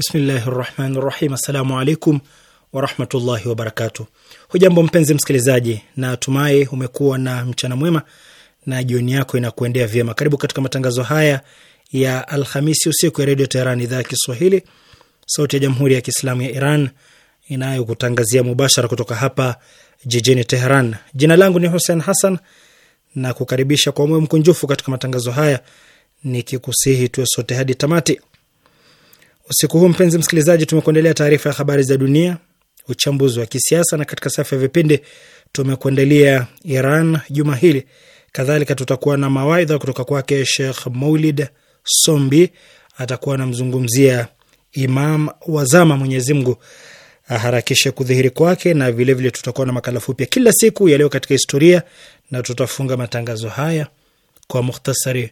Bismillahi rahmani rahim. Assalamu alaikum warahmatullahi wabarakatu. Hujambo mpenzi msikilizaji, na tumai umekuwa na mchana mwema na jioni yako inakuendea vyema. Karibu katika matangazo haya ya Alhamisi usiku ya Redio Teheran, idhaa ya Kiswahili, sauti ya Jamhuri ya Kiislamu ya Iran inayokutangazia mubashara kutoka hapa jijini Teheran. Jina langu ni Hussein Hassan na kukaribisha kwa moyo mkunjufu katika matangazo haya nikikusihi tuwe sote hadi tamati. Usiku huu mpenzi msikilizaji, tumekuandalia taarifa ya habari za dunia, uchambuzi wa kisiasa, na katika safu ya vipindi tumekuandalia Iran juma hili. Kadhalika tutakuwa na mawaidha kutoka kwake Shekh Maulid Sombi, atakuwa anamzungumzia Imam Wazama, Mwenyezi Mungu aharakishe kudhihiri kwake, na vilevile vile tutakuwa na makala fupi ya kila siku yaliyo katika historia, na tutafunga matangazo haya kwa mukhtasari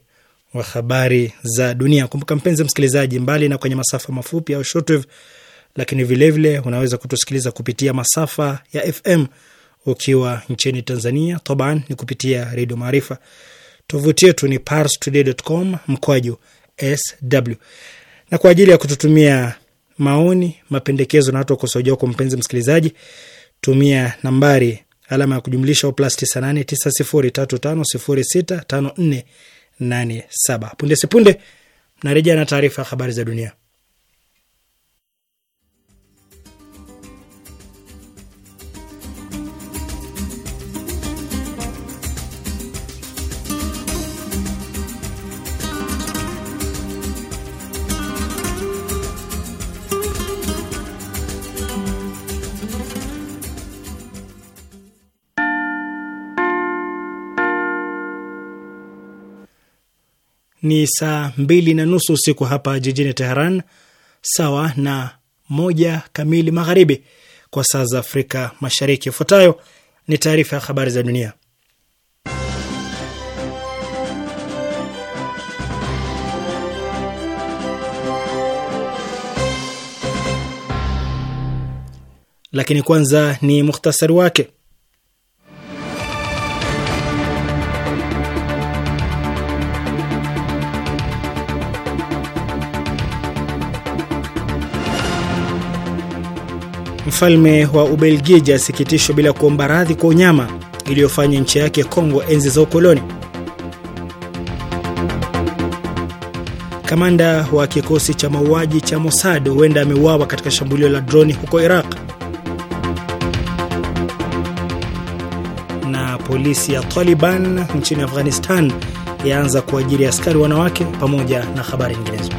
wa habari za dunia. Kumbuka mpenzi msikilizaji, mbali na kwenye masafa mafupi au shortwave, lakini vilevile vile unaweza kutusikiliza kupitia masafa ya FM ukiwa nchini Tanzania, toban ni kupitia Redio Maarifa. Tovuti yetu ni parstoday.com mkwaju sw. Na kwa ajili ya kututumia maoni, mapendekezo na hata ukosoaji wako, mpenzi msikilizaji, tumia nambari alama ya kujumlisha plus 98 54 87. Punde sipunde narejea na taarifa ya habari za dunia. ni saa mbili na nusu usiku hapa jijini Teheran, sawa na moja kamili magharibi kwa saa za Afrika Mashariki. Ifuatayo ni taarifa ya habari za dunia, lakini kwanza ni muhtasari wake. Mfalme wa Ubelgiji asikitishwa bila kuomba radhi kwa unyama iliyofanya nchi yake Kongo enzi za ukoloni. Kamanda wa kikosi cha mauaji cha Mossad huenda ameuawa katika shambulio la droni huko Iraq. Na polisi ya Taliban nchini Afghanistan yaanza kuajiri askari wanawake pamoja na habari nyinginezo.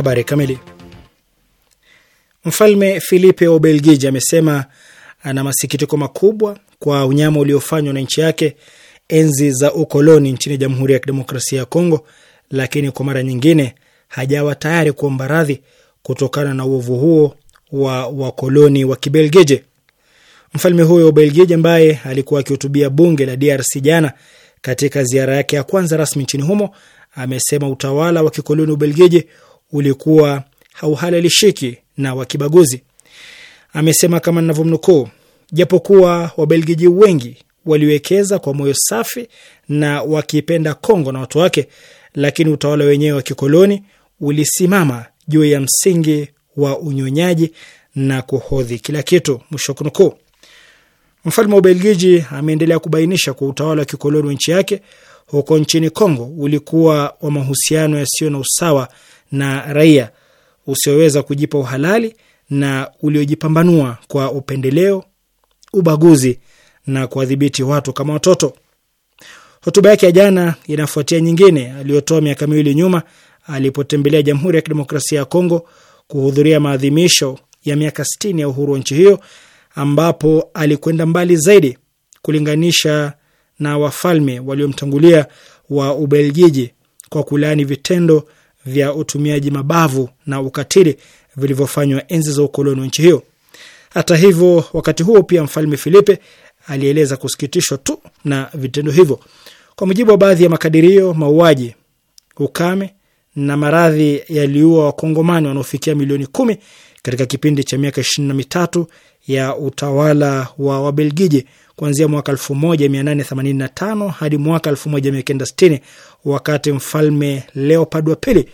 Habari kamili. Mfalme Filipe wa Ubelgiji amesema ana masikitiko makubwa kwa unyama uliofanywa na nchi yake enzi za ukoloni nchini Jamhuri ya Kidemokrasia ya Kongo, lakini kwa mara nyingine hajawa tayari kuomba radhi kutokana na uovu huo wa wakoloni wa Kibelgiji. Mfalme huyo wa Ubelgiji ambaye alikuwa akihutubia bunge la DRC jana katika ziara yake ya kwanza rasmi nchini humo amesema utawala wa kikoloni Ubelgiji ulikuwa hauhalalishiki na wakibaguzi. Amesema kama ninavyomnukuu, japokuwa Wabelgiji wengi waliwekeza kwa moyo safi na wakipenda Kongo na watu wake, lakini utawala wenyewe wa kikoloni ulisimama juu ya msingi wa unyonyaji na kuhodhi kila kitu, mwisho kunukuu. Mfalme wa Ubelgiji ameendelea kubainisha kwa utawala wa kikoloni wa nchi yake huko nchini Kongo ulikuwa wa mahusiano yasiyo na usawa na raia usioweza kujipa uhalali na uliojipambanua kwa upendeleo, ubaguzi na kuwadhibiti watu kama watoto. Hotuba yake ya jana inafuatia nyingine aliyotoa miaka miwili nyuma alipotembelea Jamhuri ya Kidemokrasia ya Kongo kuhudhuria maadhimisho ya miaka sitini ya uhuru wa nchi hiyo, ambapo alikwenda mbali zaidi kulinganisha na wafalme waliomtangulia wa Ubelgiji kwa kulaani vitendo vya utumiaji mabavu na ukatili vilivyofanywa enzi za ukoloni wa nchi hiyo. Hata hivyo, wakati huo pia mfalme Filipe alieleza kusikitishwa tu na vitendo hivyo. Kwa mujibu wa baadhi ya makadirio, mauaji, ukame na maradhi yaliua wakongomani wanaofikia milioni kumi katika kipindi cha miaka ishirini na mitatu ya utawala wa Wabelgiji kuanzia mwaka tano hadi mwaka 1960 wakati mfalme Leopold wa pili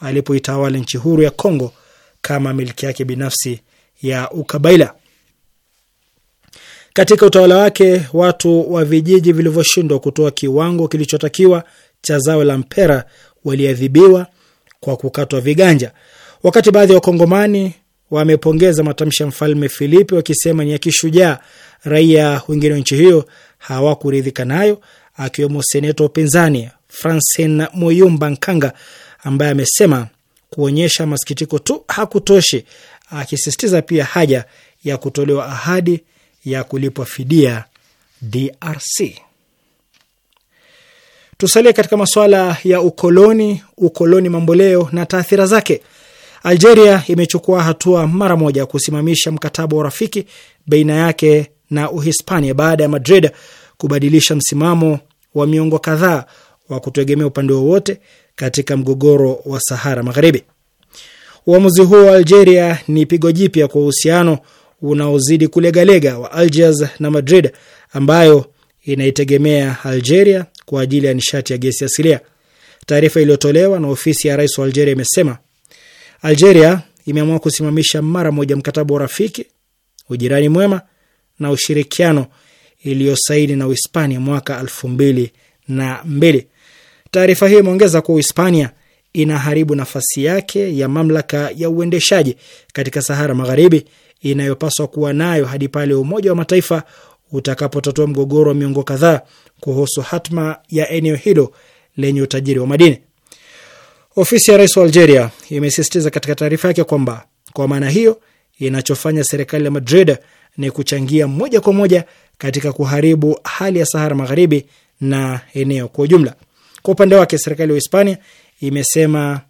alipoitawala nchi huru ya Kongo kama milki yake binafsi ya ukabaila. Katika utawala wake, watu wa vijiji vilivyoshindwa kutoa kiwango kilichotakiwa cha zao la mpera waliadhibiwa kwa kukatwa viganja, wakati baadhi ya Wakongomani wamepongeza matamshi ya mfalme Filipi wakisema ni ya kishujaa. Raia wengine wa nchi hiyo hawakuridhika nayo, akiwemo seneta wa upinzani Francine Muyumba Nkanga ambaye amesema kuonyesha masikitiko tu hakutoshi, akisisitiza pia haja ya kutolewa ahadi ya kulipwa fidia DRC. Tusalie katika masuala ya ukoloni, ukoloni mamboleo na taathira zake. Algeria imechukua hatua mara moja kusimamisha mkataba wa urafiki baina yake na Uhispania baada ya Madrid kubadilisha msimamo wa miongo kadhaa wa kutegemea upande wowote katika mgogoro wa Sahara Magharibi. Uamuzi huo wa Algeria ni pigo jipya kwa uhusiano unaozidi kulegalega wa Algiers na Madrid ambayo inaitegemea Algeria kwa ajili ya nishati ya gesi asilia. Taarifa iliyotolewa na ofisi ya rais wa Algeria imesema Algeria imeamua kusimamisha mara moja mkataba wa urafiki, ujirani mwema na ushirikiano iliyosaini na Uhispania mwaka elfu mbili na mbili. Taarifa hiyo imeongeza kuwa Uhispania inaharibu nafasi yake ya mamlaka ya uendeshaji katika Sahara Magharibi inayopaswa kuwa nayo hadi pale Umoja wa Mataifa utakapotatua mgogoro wa miongo kadhaa kuhusu hatma ya eneo hilo lenye utajiri wa madini. Ofisi ya rais wa Algeria imesisitiza katika taarifa yake kwamba kwa maana hiyo, inachofanya serikali ya Madrid ni kuchangia moja kwa moja katika kuharibu hali ya Sahara Magharibi na eneo kwa ujumla. Kwa upande wake, serikali ya Hispania imesema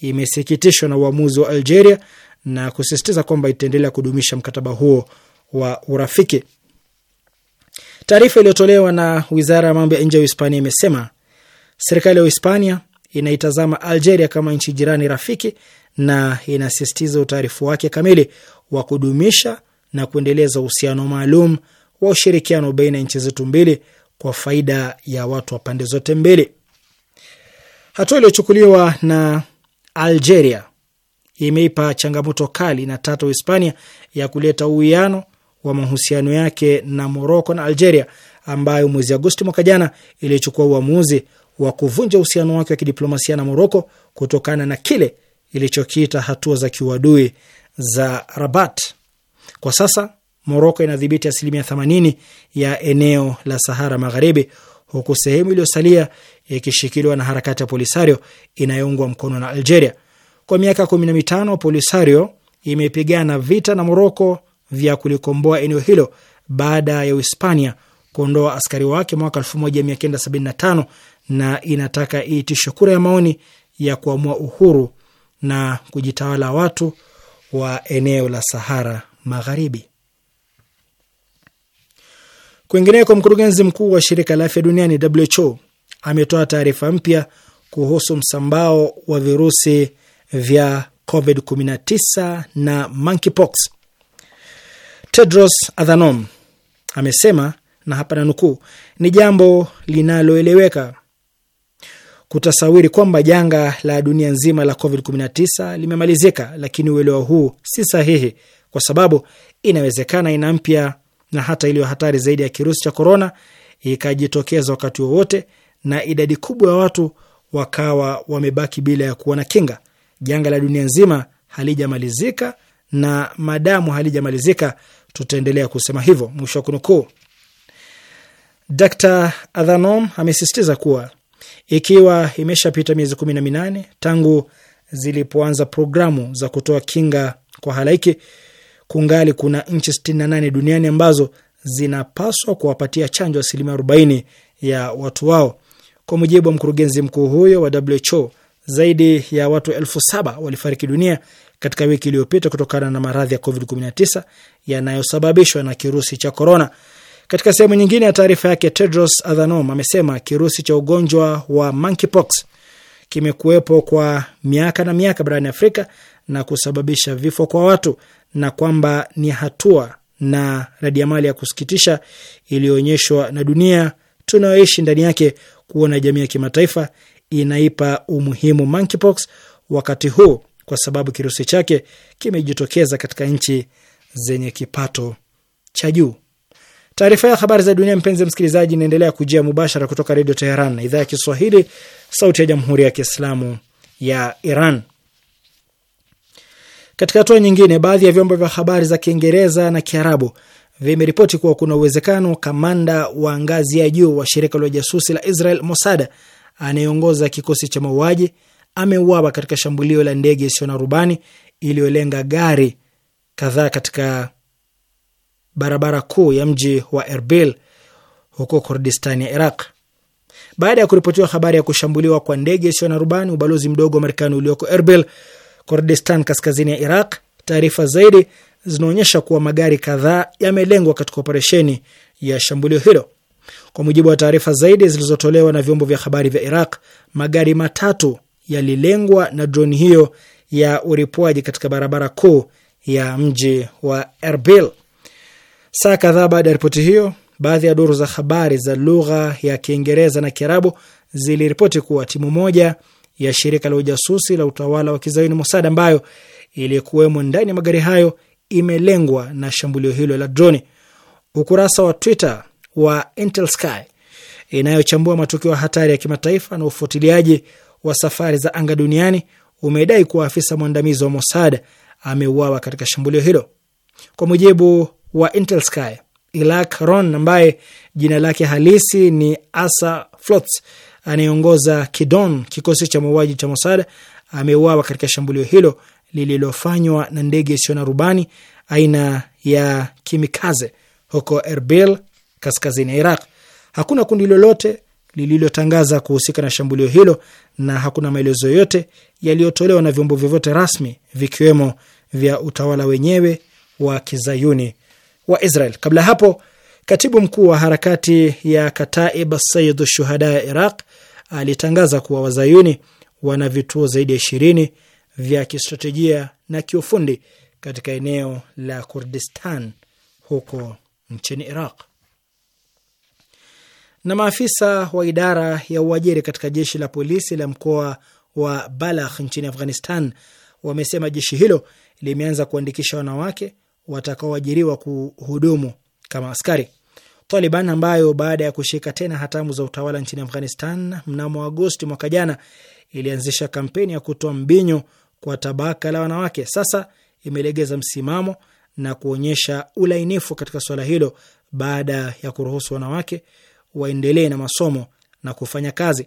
imesikitishwa na uamuzi wa Algeria na kusisitiza kwamba itaendelea kudumisha mkataba huo wa urafiki. Taarifa iliyotolewa na wizara ya mambo ya nje ya Hispania imesema serikali ya Hispania inaitazama Algeria kama nchi jirani rafiki na inasisitiza utaarifu wake kamili wa kudumisha na kuendeleza uhusiano maalum wa ushirikiano baina ya nchi zetu mbili kwa faida ya watu wa pande zote mbili. Hatua iliyochukuliwa na Algeria imeipa changamoto kali na tatu Hispania ya kuleta uwiano wa mahusiano yake na Moroko na Algeria, ambayo mwezi Agosti mwaka jana ilichukua uamuzi wa kuvunja uhusiano wake wa kidiplomasia na Moroko kutokana na kile ilichokiita hatua za kiuadui za Rabat. Kwa sasa Moroko inadhibiti asilimia 80 ya eneo la Sahara Magharibi huku sehemu iliyosalia ikishikiliwa na harakati ya Polisario inayoungwa mkono na Algeria. Kwa miaka kumi na mitano Polisario imepigana vita na Moroko vya kulikomboa eneo hilo baada ya Uhispania kuondoa askari wake mwaka 1975 na inataka iitishe kura ya maoni ya kuamua uhuru na kujitawala watu wa eneo la Sahara Magharibi. Kwingineko, mkurugenzi mkuu wa shirika la afya duniani WHO ametoa taarifa mpya kuhusu msambao wa virusi vya COVID-19 na monkeypox. Tedros Adhanom amesema, na hapa na nukuu, ni jambo linaloeleweka kutasawiri kwamba janga la dunia nzima la COVID-19 limemalizika, lakini uelewa huu si sahihi, kwa sababu inawezekana aina mpya na hata iliyo hatari zaidi ya kirusi cha korona ikajitokeza wakati wowote, na idadi kubwa ya watu wakawa wamebaki bila ya kuwa na kinga. Janga la dunia nzima halijamalizika na madamu halijamalizika tutaendelea kusema hivyo. Mwisho wa kunukuu. Dr Adhanom amesisitiza kuwa ikiwa imeshapita miezi kumi na minane tangu zilipoanza programu za kutoa kinga kwa halaiki kungali kuna nchi 68 duniani ambazo zinapaswa kuwapatia chanjo asilimia 40 ya watu wao. Kwa mujibu wa mkurugenzi mkuu huyo wa WHO, zaidi ya watu elfu saba walifariki dunia katika wiki iliyopita kutokana na maradhi ya COVID-19 yanayosababishwa na kirusi cha korona. Katika sehemu nyingine ya taarifa yake, Tedros Adhanom amesema kirusi cha ugonjwa wa monkeypox kimekuwepo kwa miaka na miaka barani Afrika na kusababisha vifo kwa watu na kwamba ni hatua na radiamali ya kusikitisha iliyoonyeshwa na dunia tunayoishi ndani yake kuona jamii ya kimataifa inaipa umuhimu monkeypox wakati huu, kwa sababu kirusi chake kimejitokeza katika nchi zenye kipato cha juu. Taarifa ya habari za dunia, mpenzi msikilizaji, inaendelea kujia mubashara kutoka Redio Teheran idhaa ya Kiswahili, sauti ya jamhuri ya kiislamu ya Iran. Katika hatua nyingine, baadhi ya vyombo vya habari za Kiingereza na Kiarabu vimeripoti kuwa kuna uwezekano kamanda wa ngazi ya juu wa shirika la ujasusi la Israel Mossad anayeongoza kikosi cha mauaji ameuawa katika shambulio la ndege isiyo na rubani iliyolenga gari kadhaa katika barabara kuu ya mji wa Erbil huko Kurdistan ya Iraq. Baada ya kuripotiwa habari ya kushambuliwa kwa ndege isiyo na rubani, ubalozi mdogo wa Marekani ulioko Erbil Kurdistan kaskazini ya Iraq. Taarifa zaidi zinaonyesha kuwa magari kadhaa yamelengwa katika operesheni ya shambulio hilo. Kwa mujibu wa taarifa zaidi zilizotolewa na vyombo vya habari vya Iraq, magari matatu yalilengwa na droni hiyo ya uripuaji katika barabara kuu ya mji wa Erbil. Saa kadhaa baada ya ripoti hiyo, baadhi ya duru za habari za lugha ya Kiingereza na Kiarabu ziliripoti kuwa timu moja ya shirika la ujasusi la utawala wa kizayuni Mossad ambayo ilikuwemo ndani ya magari hayo imelengwa na shambulio hilo la droni. Ukurasa wa Twitter wa Intel Sky inayochambua matukio hatari ya kimataifa na ufuatiliaji wa safari za anga duniani umedai kuwa afisa mwandamizi wa Mossad ameuawa katika shambulio hilo. Kwa mujibu wa Intel Sky, Ilak Ron ambaye jina lake halisi ni Asa Flots anayeongoza Kidon, kikosi cha mauaji cha Mossad, ameuawa katika shambulio hilo lililofanywa na ndege isiyo na rubani aina ya Kimikaze huko Erbil, kaskazini ya Iraq. Hakuna kundi lolote lililotangaza kuhusika na shambulio hilo na hakuna maelezo yote yaliyotolewa na vyombo vyovyote rasmi vikiwemo vya utawala wenyewe wa kizayuni wa Israel. Kabla hapo, katibu mkuu wa harakati ya Kataib Sayyid Shuhada ya Iraq alitangaza kuwa wazayuni wana vituo zaidi ya ishirini vya kistratejia na kiufundi katika eneo la Kurdistan huko nchini Iraq. Na maafisa wa idara ya uajiri katika jeshi la polisi la mkoa wa Balakh nchini Afghanistan wamesema jeshi hilo limeanza kuandikisha wanawake watakaoajiriwa kuhudumu kama askari. Taliban ambayo baada ya kushika tena hatamu za utawala nchini Afghanistan mnamo Agosti mwaka jana ilianzisha kampeni ya kutoa mbinyo kwa tabaka la wanawake, sasa imelegeza msimamo na kuonyesha ulainifu katika suala hilo baada ya kuruhusu wanawake waendelee na masomo na kufanya kazi.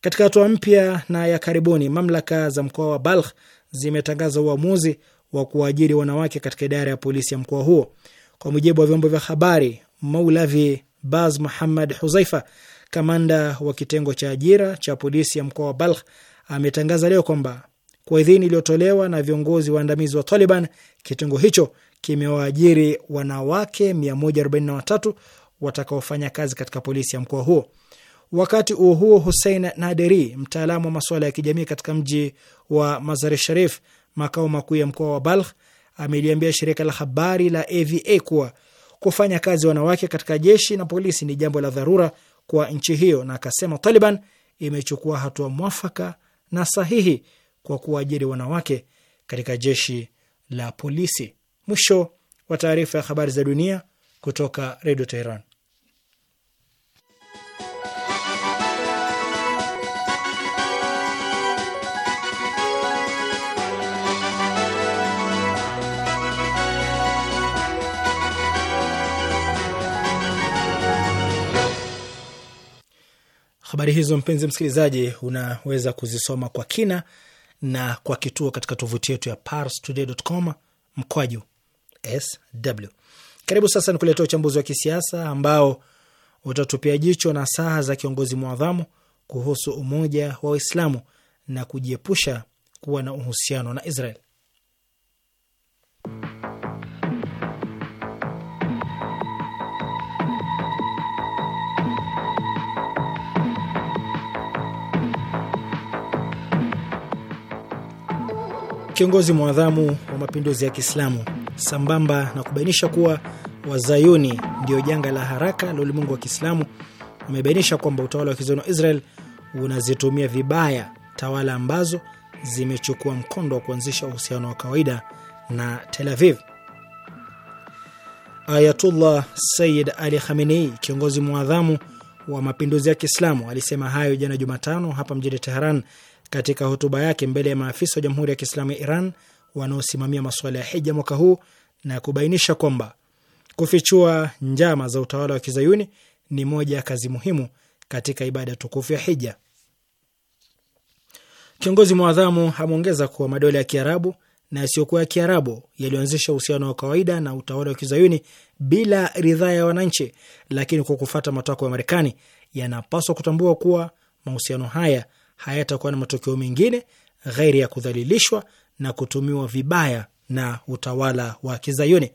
Katika hatua mpya na ya karibuni, mamlaka za mkoa wa Balkh zimetangaza uamuzi wa kuajiri wanawake katika idara ya polisi ya mkoa huo. Kwa mujibu wa vyombo vya habari, Maulavi Baz Muhammad Huzaifa, kamanda wa kitengo cha ajira cha polisi ya mkoa wa Balkh, ametangaza leo kwamba kwa idhini iliyotolewa na viongozi waandamizi wa Taliban, kitengo hicho kimewaajiri wanawake 143 watakaofanya kazi katika polisi ya mkoa huo. Wakati huo huo, Hussein Naderi, mtaalamu wa masuala ya kijamii katika mji wa Mazar Sharif, makao makuu ya mkoa wa Balkh, ameliambia shirika la habari la AVA kuwa kufanya kazi wanawake katika jeshi na polisi ni jambo la dharura kwa nchi hiyo, na akasema Taliban imechukua hatua mwafaka na sahihi kwa kuwaajiri wanawake katika jeshi la polisi. Mwisho wa taarifa ya habari za dunia kutoka Redio Teheran. Habari hizo mpenzi msikilizaji, unaweza kuzisoma kwa kina na kwa kituo katika tovuti yetu ya parstoday.com mkwaju sw. Karibu sasa ni kuletea uchambuzi wa kisiasa ambao utatupia jicho na saha za kiongozi mwadhamu kuhusu umoja wa Waislamu na kujiepusha kuwa na uhusiano na Israel. kiongozi mwadhamu wa mapinduzi ya Kiislamu, sambamba na kubainisha kuwa wazayuni ndio janga la haraka la ulimwengu wa Kiislamu, amebainisha kwamba utawala wa kizayuni wa Israel unazitumia vibaya tawala ambazo zimechukua mkondo wa kuanzisha uhusiano wa kawaida na Tel Aviv. Ayatullah Sayyid Ali Khamenei, kiongozi mwadhamu wa mapinduzi ya Kiislamu, alisema hayo jana Jumatano hapa mjini Teheran katika hotuba yake mbele ya maafisa wa Jamhuri ya Kiislamu ya Iran wanaosimamia masuala ya hija mwaka huu na kubainisha kwamba kufichua njama za utawala wa kizayuni ni moja ya kazi muhimu katika ibada tukufu ya hija. Kiongozi mwadhamu ameongeza kuwa madola ya Kiarabu na yasiyokuwa ya Kiarabu yaliyoanzisha uhusiano wa kawaida na utawala wa kizayuni bila ridhaa ya wananchi, lakini kwa kufata matakwa ya Marekani yanapaswa kutambua kuwa mahusiano haya hayatakuwa na matokeo mengine ghairi ya kudhalilishwa na kutumiwa vibaya na utawala wa Kizayuni.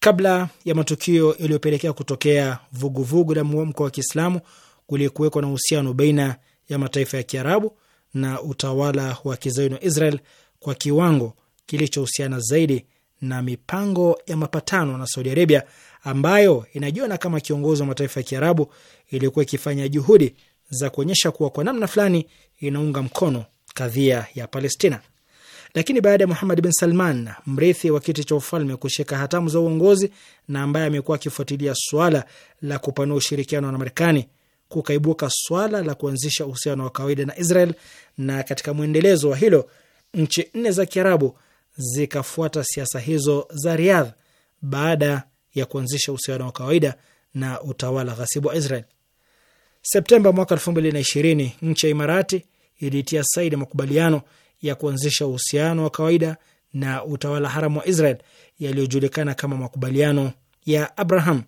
Kabla ya matukio yaliyopelekea kutokea vuguvugu la mwamko wa Kiislamu, kulikuwekwa na uhusiano baina ya mataifa ya Kiarabu na utawala wa Kizayuni wa Israel kwa kiwango kilichohusiana zaidi na mipango ya mapatano na Saudi Arabia ambayo inajiona kama kiongozi wa mataifa ya Kiarabu iliyokuwa ikifanya juhudi za kuonyesha kuwa kwa namna fulani inaunga mkono kadhia ya Palestina. Lakini baada ya muhamad bin Salman, mrithi wa kiti cha ufalme, kushika hatamu za uongozi na ambaye amekuwa akifuatilia swala la kupanua ushirikiano na Marekani, kukaibuka swala la kuanzisha uhusiano wa kawaida na Israel, na katika mwendelezo wa hilo nchi nne za Kiarabu zikafuata siasa hizo za Riyadh baada ya kuanzisha uhusiano wa kawaida na utawala ghasibu wa Israel. Septemba mwaka elfu mbili na ishirini nchi ya Imarati ilitia saini makubaliano ya kuanzisha uhusiano wa kawaida na utawala haramu wa Israel yaliyojulikana kama makubaliano ya Abraham.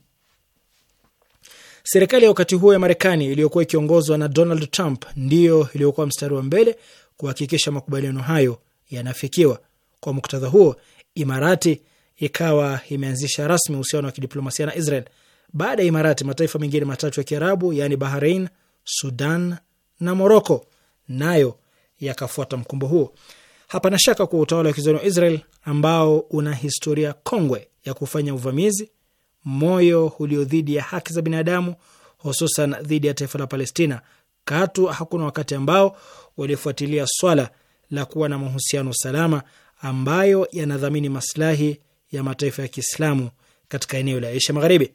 Serikali ya wakati huo ya Marekani iliyokuwa ikiongozwa na Donald Trump ndiyo iliyokuwa mstari wa mbele kuhakikisha makubaliano hayo yanafikiwa. Kwa muktadha huo, Imarati ikawa imeanzisha rasmi uhusiano wa kidiplomasia na Israel. Baada ya Imarati, mataifa mengine matatu ya Kiarabu yaani Bahrain, Sudan na Moroko nayo yakafuata mkumbo huo. Hapana shaka kuwa utawala wa kizayuni wa Israel ambao una historia kongwe ya kufanya uvamizi, moyo ulio dhidi ya haki za binadamu, hususan dhidi ya taifa la Palestina, katu hakuna wakati ambao walifuatilia swala la kuwa na mahusiano salama ambayo yanadhamini maslahi ya mataifa ya Kiislamu katika eneo la Asia Magharibi.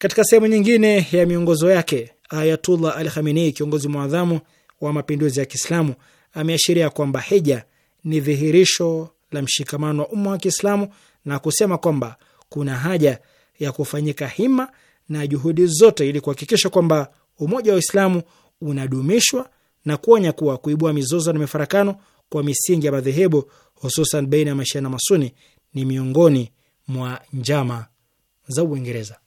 Katika sehemu nyingine ya miongozo yake, Ayatullah Al Khamenei, kiongozi mwadhamu wa mapinduzi ya Kiislamu, ameashiria kwamba hija ni dhihirisho la mshikamano wa umma wa Kiislamu na kusema kwamba kuna haja ya kufanyika hima na juhudi zote ili kuhakikisha kwamba umoja wa Uislamu unadumishwa na kuonya kuwa kuibua mizozo na mifarakano kwa misingi ya madhehebu hususan baina ya Mashia na Masuni ni miongoni mwa njama za Uingereza.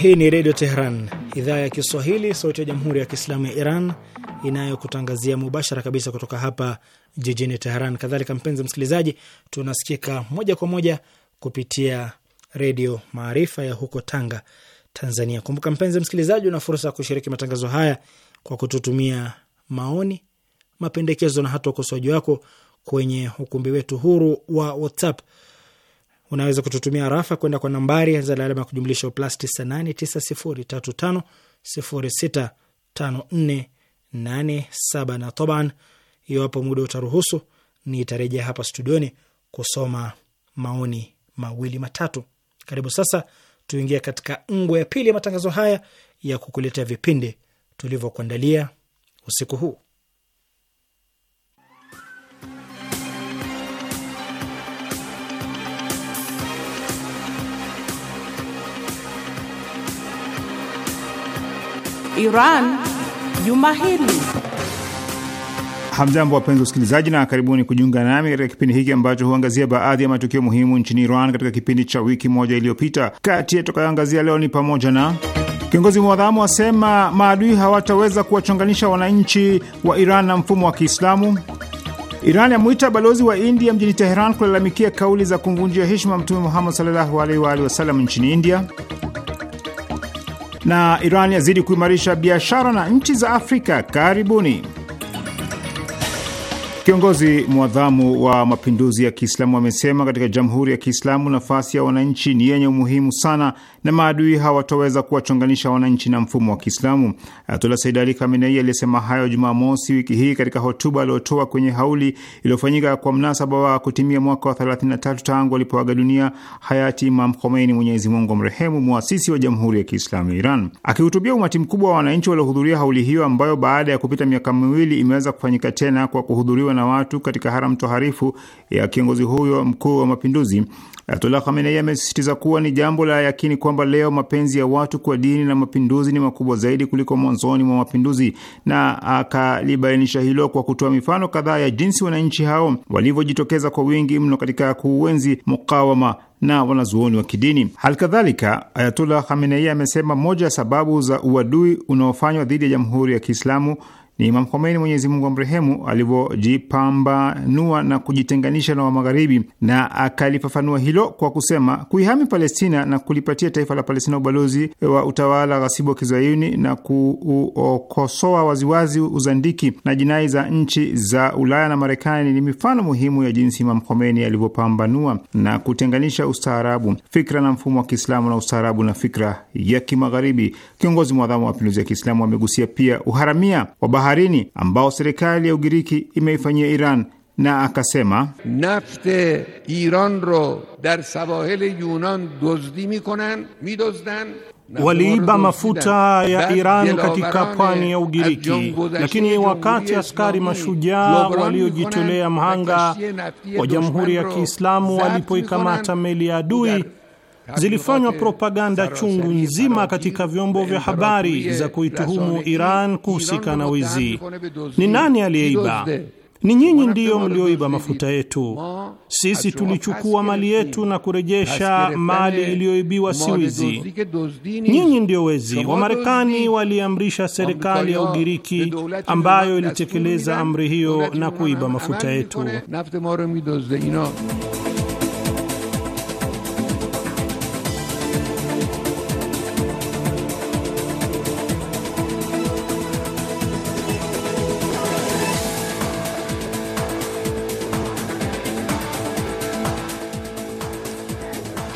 Hii ni Redio Tehran, idhaa ya Kiswahili, sauti ya Jamhuri ya Kiislamu ya Iran, inayokutangazia mubashara kabisa kutoka hapa jijini teheran Kadhalika mpenzi msikilizaji, tunasikika moja kwa moja kupitia Redio Maarifa ya huko Tanga, Tanzania. Kumbuka mpenzi msikilizaji, una fursa ya kushiriki matangazo haya kwa kututumia maoni, mapendekezo na hata ukosoaji wako kwenye ukumbi wetu huru wa WhatsApp unaweza kututumia rafa kwenda kwa nambari za alama ya kujumlisha plus 989035065487 na toban, iwapo muda utaruhusu, nitarejea hapa studioni kusoma maoni mawili matatu. Karibu sasa, tuingie katika ngwe ya pili ya matangazo haya ya kukuletea vipindi tulivyokuandalia usiku huu. Iran juma hili. Hamjambo, wapenzi wasikilizaji, na karibuni kujiunga nami katika kipindi hiki ambacho huangazia baadhi ya matukio muhimu nchini Iran katika kipindi cha wiki moja iliyopita. Kati ya tutakayoangazia leo ni pamoja na kiongozi mwadhamu asema maadui hawataweza kuwachonganisha wananchi wa Iran na mfumo wa Kiislamu. Iran yamwita balozi wa India mjini Teheran kulalamikia kauli za kumvunjia heshima Mtume Muhammad sallallahu alaihi wa alihi wasallam nchini India na Iran yazidi kuimarisha biashara na nchi za Afrika. Karibuni. Kiongozi mwadhamu wa mapinduzi ya Kiislamu amesema katika Jamhuri ya Kiislamu nafasi ya wananchi ni yenye umuhimu sana na maadui hawataweza kuwachonganisha wananchi na mfumo wa Kiislamu. Ayatollah Said Ali Khamenei aliyesema hayo Jumamosi wiki hii katika hotuba aliotoa kwenye hauli iliyofanyika kwa mnasaba wa kutimia mwaka wa 33 tangu alipoaga dunia hayati Imam Khomeini, Mwenyezi Mungu amrehemu, muasisi wa Jamhuri ya Kiislamu ya Iran. Akihutubia umati mkubwa wa wananchi waliohudhuria hauli hiyo ambayo baada ya kupita miaka miwili imeweza kufanyika tena kwa kuhudhuriwa na watu katika haram toharifu ya kiongozi huyo mkuu wa mapinduzi, Ayatollah Khamenei amesisitiza kuwa ni jambo la yakini kwamba leo mapenzi ya watu kwa dini na mapinduzi ni makubwa zaidi kuliko mwanzoni mwa mapinduzi, na akalibainisha hilo kwa kutoa mifano kadhaa ya jinsi wananchi hao walivyojitokeza kwa wingi mno katika kuuenzi mukawama na wanazuoni wa kidini. Halikadhalika, Ayatullah Khamenei amesema moja ya sababu za uadui unaofanywa dhidi ya Jamhuri ya Kiislamu ni Imam Khomeini, Mwenyezi Mungu amrehemu, alivyojipambanua na kujitenganisha na wa Magharibi, na akalifafanua hilo kwa kusema, kuihami Palestina na kulipatia taifa la Palestina ubalozi wa utawala ghasibu wa Kizayuni na kuokosoa waziwazi uzandiki na jinai za nchi za Ulaya na Marekani ni mifano muhimu ya jinsi Imam Khomeini alivyopambanua na kutenganisha ustaarabu, fikra na mfumo wa Kiislamu na ustaarabu na fikra ya Kimagharibi. Kiongozi mwadhamu wa mapinduzi ya Kiislamu amegusia pia uharamia wa bahari baharini ambao serikali ya Ugiriki imeifanyia Iran na akasema nafte iran ro dar sawahil yunan dozdi mikonan midozdan Waliiba mafuta ya Iran katika pwani ya Ugiriki, lakini wakati askari mashujaa waliojitolea mhanga wa Jamhuri ya Kiislamu walipoikamata meli ya adui zilifanywa propaganda chungu nzima katika vyombo vya habari za kuituhumu Iran kuhusika na wizi. Ni nani aliyeiba? Ni nyinyi ndiyo mlioiba mafuta yetu. Sisi tulichukua mali yetu na kurejesha mali iliyoibiwa, si wizi. Nyinyi ndio wezi. Wamarekani waliamrisha serikali ya Ugiriki ambayo ilitekeleza amri hiyo na kuiba mafuta yetu.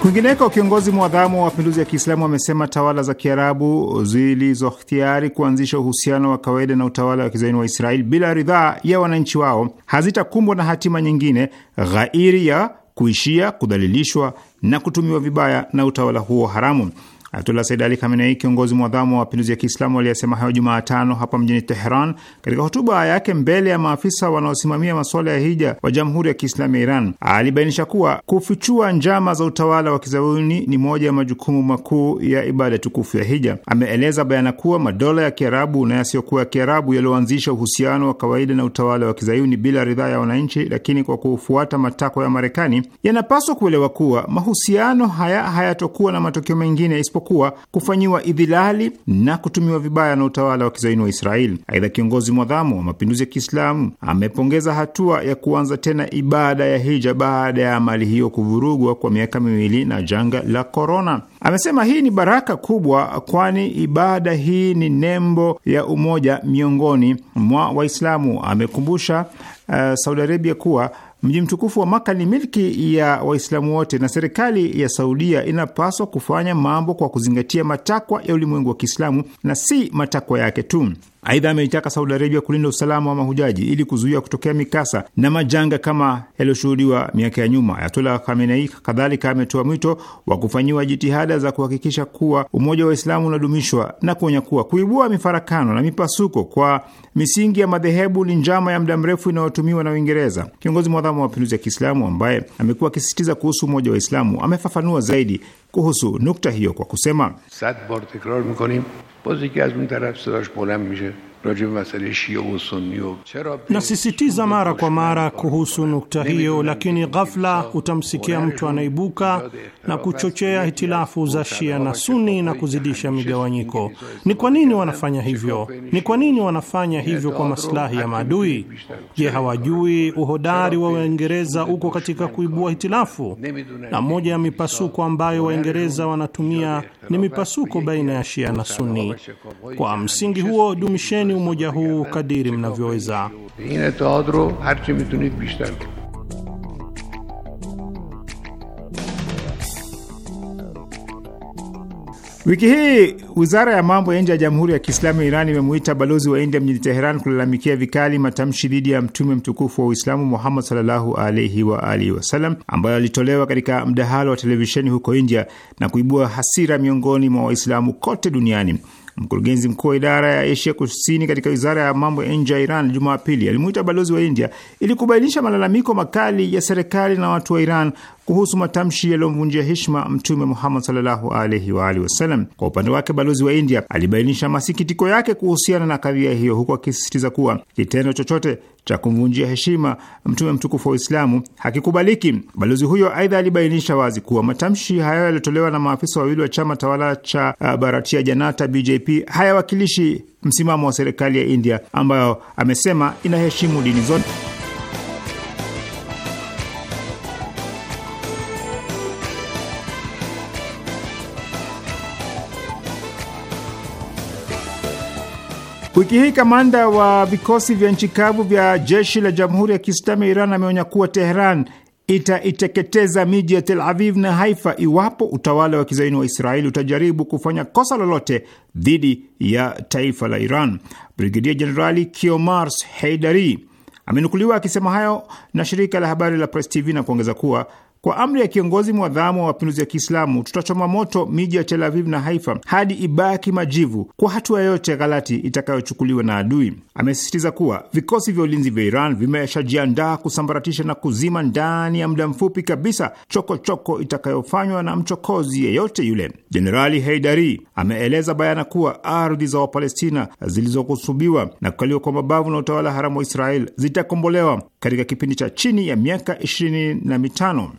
Kwingineko, kiongozi mwadhamu wa mapinduzi ya Kiislamu amesema tawala za Kiarabu zilizohtiari kuanzisha uhusiano wa kawaida na utawala wa kizaini wa Israeli bila ridhaa ya wananchi wao hazitakumbwa na hatima nyingine ghairi ya kuishia kudhalilishwa na kutumiwa vibaya na utawala huo haramu. Ayatullah Said Ali Khamenei, kiongozi mwadhamu wa mapinduzi ya Kiislamu, aliyesema hayo Jumatano hapa mjini Teheran katika hotuba yake mbele ya maafisa wanaosimamia masuala ya hija wa Jamhuri ya Kiislamu ya Iran. Alibainisha kuwa kufichua njama za utawala wa kizayuni ni moja ya majukumu makuu ya ibada tukufu ya hija. Ameeleza bayana kuwa madola ya Kiarabu na yasiyokuwa ya Kiarabu yaliyoanzisha uhusiano wa kawaida na utawala wa kizayuni bila ridhaa ya wananchi, lakini kwa kufuata matakwa ya Marekani, yanapaswa kuelewa kuwa mahusiano haya hayatokuwa na matokeo mengine isipokuwa kuwa kufanyiwa idhilali na kutumiwa vibaya na utawala wa kizaini wa Israeli. Aidha, kiongozi mwadhamu wa mapinduzi ya Kiislamu amepongeza hatua ya kuanza tena ibada ya hija baada ya amali hiyo kuvurugwa kwa miaka miwili na janga la korona. Amesema hii ni baraka kubwa, kwani ibada hii ni nembo ya umoja miongoni mwa Waislamu. Amekumbusha uh, Saudi Arabia kuwa Mji mtukufu wa Maka ni milki ya Waislamu wote na serikali ya Saudia inapaswa kufanya mambo kwa kuzingatia matakwa ya ulimwengu wa Kiislamu na si matakwa yake tu. Aidha, ameitaka Saudi Arabia kulinda usalama wa mahujaji ili kuzuia kutokea mikasa na majanga kama yaliyoshuhudiwa miaka ya nyuma. Ayatollah Khamenei kadhalika ametoa mwito wa kufanyiwa jitihada za kuhakikisha kuwa umoja wa Waislamu unadumishwa na kuonya kuwa kuibua mifarakano na mipasuko kwa misingi ya madhehebu ni njama ya muda mrefu inayotumiwa na Uingereza. Kiongozi mwadhamu wa mapinduzi ya Kiislamu ambaye amekuwa akisisitiza kuhusu umoja wa Waislamu amefafanua zaidi kuhusu nukta hiyo kwa kusema باز که از اون طرف صداش بلند میشه Nasisitiza mara kwa mara kuhusu nukta hiyo, lakini ghafla utamsikia mtu anaibuka na kuchochea hitilafu za Shia na Suni na kuzidisha migawanyiko. Ni kwa nini wanafanya hivyo? Ni kwa nini wanafanya hivyo kwa masilahi ya maadui? Je, hawajui uhodari wa Waingereza uko katika kuibua hitilafu? Na moja ya mipasuko ambayo Waingereza wanatumia ni mipasuko baina ya Shia na Suni. Kwa msingi huo, dumisheni Endelezeeni umoja huu kadiri mnavyoweza. Wiki hii wizara ya mambo ya nje ya Jamhuri ya Kiislamu ya Iran imemuita balozi wa India mjini Teheran kulalamikia vikali matamshi dhidi ya mtume mtukufu wa Uislamu Muhammad sallallahu alaihi wa alihi wasallam ambayo alitolewa katika mdahalo wa televisheni huko India na kuibua hasira miongoni mwa Waislamu kote duniani. Mkurugenzi mkuu wa idara ya Asia Kusini katika wizara ya mambo ya nje ya Iran Jumapili alimuita balozi wa India ili kubainisha malalamiko makali ya serikali na watu wa Iran kuhusu matamshi yaliyomvunjia heshima Mtume Muhammad sallallahu alaihi wa alihi wasallam. Kwa upande wake, balozi wa India alibainisha masikitiko yake kuhusiana na kadhia hiyo, huku akisisitiza kuwa kitendo chochote cha kumvunjia heshima mtume mtukufu wa Uislamu hakikubaliki. Balozi huyo aidha alibainisha wazi kuwa matamshi hayo yaliyotolewa na maafisa wawili wa chama tawala cha uh, Bharatiya Janata BJP hayawakilishi msimamo wa serikali ya India ambayo amesema inaheshimu dini zote. Wiki hii kamanda wa vikosi vya nchi kavu vya jeshi la jamhuri ya kiislamu ya Iran ameonya kuwa Teheran itaiteketeza miji ya Tel Aviv na Haifa iwapo utawala wa kizaini wa Israeli utajaribu kufanya kosa lolote dhidi ya taifa la Iran. Brigedia Jenerali Kiomars Heidari amenukuliwa akisema hayo na shirika la habari la Press TV na kuongeza kuwa kwa amri ya kiongozi mwadhamu wa mapinduzi ya Kiislamu, tutachoma moto miji ya Tel Aviv na Haifa hadi ibaki majivu, kwa hatua yoyote ghalati itakayochukuliwa na adui. Amesisitiza kuwa vikosi vya ulinzi vya Iran vimeshajiandaa kusambaratisha na kuzima ndani ya muda mfupi kabisa chokochoko itakayofanywa na mchokozi yeyote yule. Jenerali Heidari ameeleza bayana kuwa ardhi za Wapalestina zilizokusubiwa na kukaliwa kwa mabavu na utawala haramu wa Israel zitakombolewa katika kipindi cha chini ya miaka ishirini na mitano.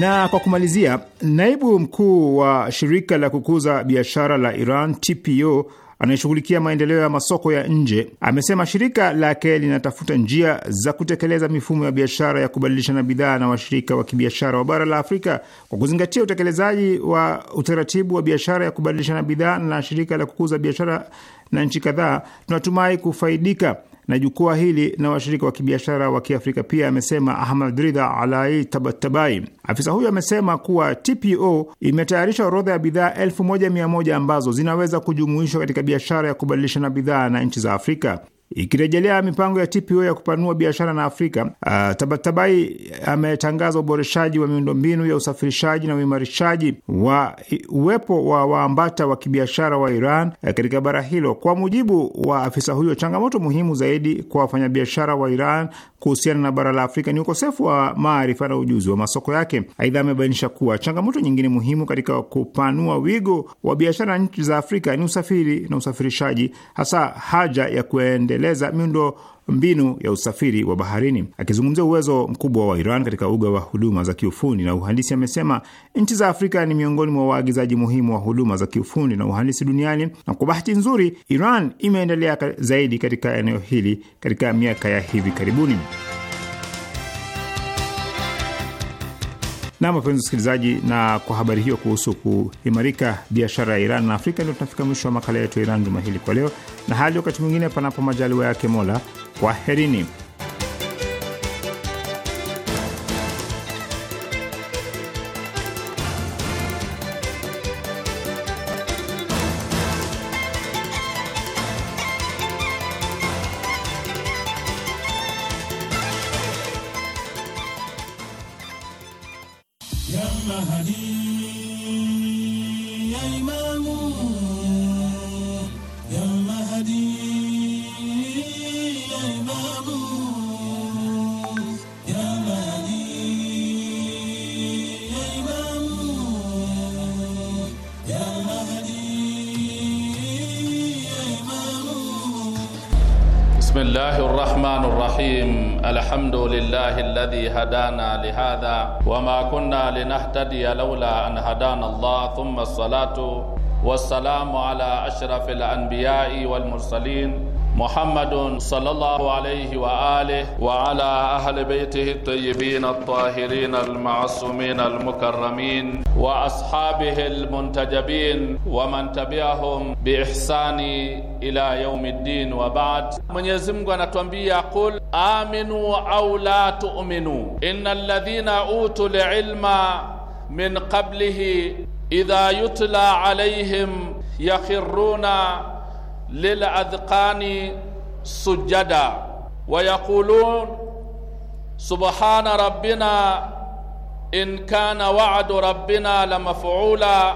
Na kwa kumalizia, naibu mkuu wa shirika la kukuza biashara la Iran TPO anayeshughulikia maendeleo ya masoko ya nje amesema shirika lake linatafuta njia za kutekeleza mifumo ya biashara ya kubadilishana bidhaa na washirika wa kibiashara wa bara la Afrika kwa kuzingatia utekelezaji wa utaratibu wa biashara ya kubadilishana bidhaa na shirika la kukuza biashara na nchi kadhaa, tunatumai kufaidika na jukwaa hili na washirika wa kibiashara wa Kiafrika pia, amesema Ahmad Ridha Alai Tabatabai. Afisa huyo amesema kuwa TPO imetayarisha orodha ya bidhaa 1100 ambazo zinaweza kujumuishwa katika biashara ya kubadilishana bidhaa na nchi za Afrika. Ikirejelea mipango ya TPO ya kupanua biashara na Afrika, uh, Tabatabai ametangaza uboreshaji wa miundombinu ya usafirishaji na uimarishaji wa uwepo wa waambata wa kibiashara wa Iran uh, katika bara hilo. Kwa mujibu wa afisa huyo, changamoto muhimu zaidi kwa wafanyabiashara wa Iran kuhusiana na bara la Afrika ni ukosefu wa maarifa na ujuzi wa masoko yake. Aidha, amebainisha kuwa changamoto nyingine muhimu katika kupanua wigo wa biashara nchi za Afrika ni usafiri na usafirishaji, hasa haja ya kuende kuendeleza miundo mbinu ya usafiri wa baharini. Akizungumzia uwezo mkubwa wa Iran katika uga wa huduma za kiufundi na uhandisi, amesema nchi za Afrika ni miongoni mwa waagizaji muhimu wa huduma za kiufundi na uhandisi duniani, na kwa bahati nzuri Iran imeendelea zaidi katika eneo hili katika miaka ya hivi karibuni. Na wapenzi wasikilizaji, na kwa habari hiyo kuhusu kuimarika biashara ya Iran na Afrika, ndio tunafika mwisho wa makala yetu ya Iran juma hili kwa leo, na hali wakati mwingine, panapo majaliwa yake Mola, kwaherini. وما كنا لنهتدي لولا أن هدانا الله ثم الصلاة والسلام على أشرف الأنبياء والمرسلين محمد صلى الله عليه وآله وعلى أهل بيته الطيبين الطاهرين المعصومين المكرمين وأصحابه المنتجبين ومن تبعهم بإحسان إلى يوم الدين وبعد من يزمك أن قل آمنوا أو لا تؤمنوا إن الذين أوتوا العلم من قبله إذا يتلى عليهم يخرون للأذقان سجدا ويقولون سبحان ربنا إن كان وعد ربنا لمفعولا